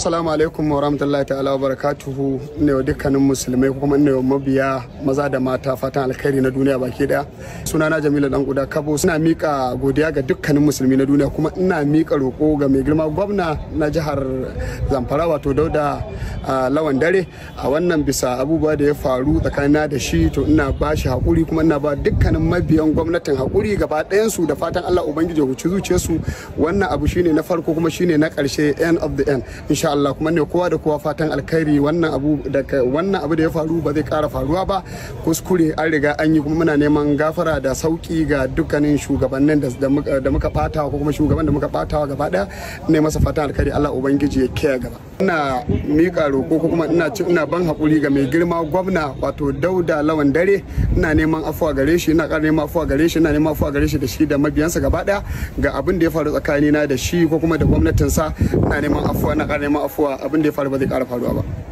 Assalamu alaikum wa rahmatullahi ta'ala wa barakatuhu ne wa dukkanin musulmai kuma ne wa mabiya maza da mata fatan alkhairi na duniya baki daya. Sunana Jamila Dan Guda Kabo suna mika godiya ga dukkanin musulmi na duniya kuma ina mika roko ga mai girma gwamna na jihar Zamfara wato Dauda A lawan dare a wannan bisa abubuwa da ya faru tsakanina da shi to ina ba shi haƙuri kuma ina ba dukkanin mabiyan gwamnatin haƙuri gaba ɗayansu da fatan Allah ubangiji huci zuciyarsu wannan abu shine na farko kuma shine na ƙarshe end of the end insha Allah kuma ne kowa da kowa fatan alkhairi wannan abu da wannan abu da ya faru ba zai ƙara faruwa ba kuskure an riga an yi kuma muna neman gafara da sauki ga dukkanin shugabannin da muka fata ko kuma shugaban da muka fata gaba ɗaya ne masa fatan alkhairi Allah ubangiji ya kiyaye gaba ina mika roko ko kuma ina ci ina ban hakuri ga mai girma gwamna wato dauda lawan dare ina neman afuwa gare shi ina ƙara neman afuwa gare shi ina neman afuwa gare shi da shi da mabiyansa gaba daya ga abin da ya faru tsakanina da shi ko kuma da gwamnatinsa ina neman afuwa ina ƙara neman afuwa abin da ya faru ba zai ƙara faruwa ba